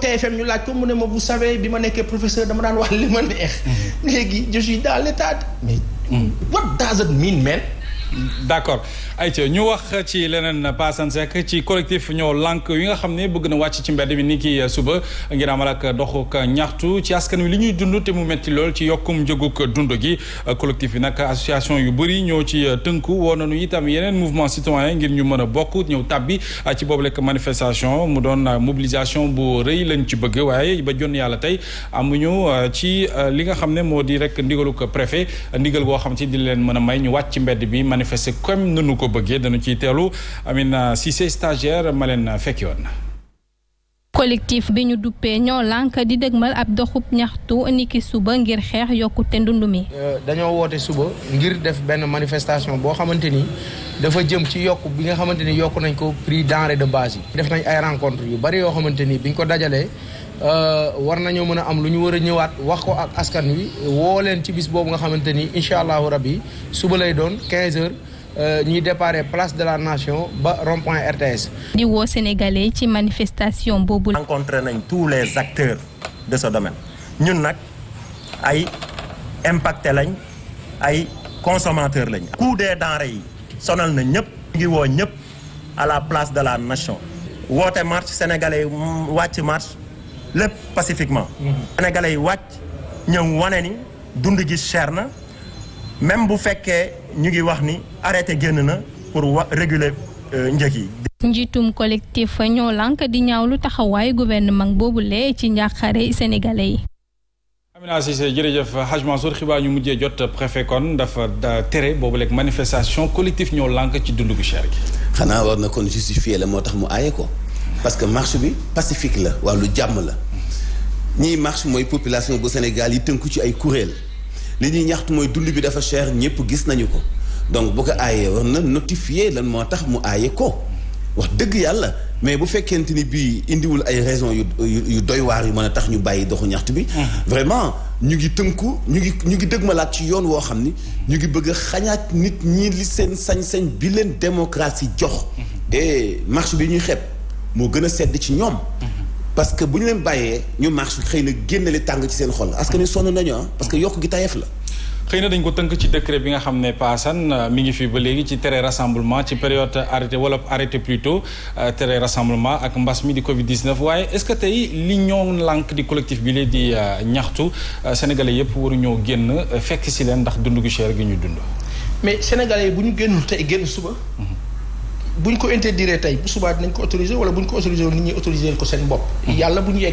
TFM ñu laaj ko mu ne ma bu savez bi ma nekkee professeur dama daan wax li ma neex mhm. léegi je suis dans l'état mais hmm. what does it mean man d' accord ayca ñu wax ci leneen Passane Seck ci collectif ñoo lank yi nga xam ne bëgg na wàcc ci mbedd mi ni ki suba ngir amal ak doxuk ñaxtu ci askan wi li ñuy dund te mu metti lool ci yokkum njëguk dund ki collectif bi nag association yu bëri ñoo ci tënku woo nañu itam yeneen mouvement citoyen ngir ñu mën a bokk ñëw tàbbi ci boobu lekk manifestation mu doon mobilisation bu rëy lañ ci bëgg waaye ba jonn yàlla tey amuñu uh, ci uh, li nga xam ne moo di rek ndigaluk préfet ndigal goo xam ci di leen mën a may ñu wàcc ci mbedd bi manifester comme nu ko bëggee dañu ciy teelu Amina Cissé stagiaire ma leen fekk yoon. collectif bi ñu duppee ñoo lànk di dëgmal ab doxub ñaxtu niki suba ngir xeex yokkute ndund mi. Euh, dañoo woote suba ngir def benn manifestation boo xamante ni dafa jëm ci yokk bi nga xamante ni yokk nañ ko prix denrée de base yi. def nañ ay rencontre yu bari yoo xamante ni biñ ko dajalee. Euh, war nañoo mën a am lu ñu war a ñëwaat wax ko ak askan wi woo leen ci bis boobu nga xamante ni incha allahu rabbi suba lay doon 15 heures euh, ñuy déparé place de la nation ba rond RTS. di woo sénégalais ci manifestation boobu. rencontré nañ tous les acteurs de ce ñun nag ay impacté lañ ay consommateurs lañ. coût des denrées yi sonal na ñëpp. ngi woo ñëpp à la place de la nation. woote marche sénégalais mm, wàcc marche. lépp pacifiquement. Mhm. sénégalais yi wàcc ñëw wane ni dund gi cher na même bu fekkee ñu ngi wax ni arrêté génn na pour wa réguler euh, njëg yi. njiitum collectif ñoo lànk di ñaaw lu taxawaay gouvernement boobu lee ci njàqare sénégalais yi. Amina Cissé jërëjëf Haj Mansour xibaar ñu mujjee jot préfet kon dafa tere boobu leeg manifestation collectif ñoo lànk ci dund gu cher gi. xanaa war na kon justifier la moo tax mu aaye ko. parce que marche bi pacifique la wàllu jàmm la ñii marche mooy population bu Sénégal yi tënku ci ay kuréel li ñuy ñaxtu mooy dund bi dafa cher ñëpp gis nañu ko donc bu ko aayee war na notifier lan moo tax mu aaye ko wax dëgg yàlla mais bu fekkente ni bii indiwul ay raison yu yu doy waar yu mën a tax ñu bàyyi doxu ñaxtu bi vraiment ñu ngi tënku ñu ngi ñu ngi dëgmalaat ci yoon woo xam ni ñu ngi bëgg xañaat nit ñii li seen sañ-sañ bi leen démocratie jox te eh, marche bi ñuy xeeb moo gën a sedd ci ñoom. parce que bu ñu leen bàyyee ñu marche xëy na génne li tàng ci seen xol que wi sonn nañu ah parce que yokk gi tayeef la. xëy na dañ ko tënk ci décret bi nga xam ne paasan euh, mi ngi fi ba léegi ci tere rassemblement ci période arrêté wala arrêté plutôt euh, tere rassemblement ak mbas mi di Covid 19 waaye est-ce que tey li ñoo lànk di collectif bi lee di euh, ñaxtu sénégalais yëpp waru ñoo génn fekk si leen ndax dund gu cher gi ñu dund. mais sénégalais bu ñu génnul suba. Mhm. buñ ko interdire tey bu subaa dinañ ko autoriser wala buñ ko autoriser nit ñi autoriser ko seen bopp. yàlla bu ñu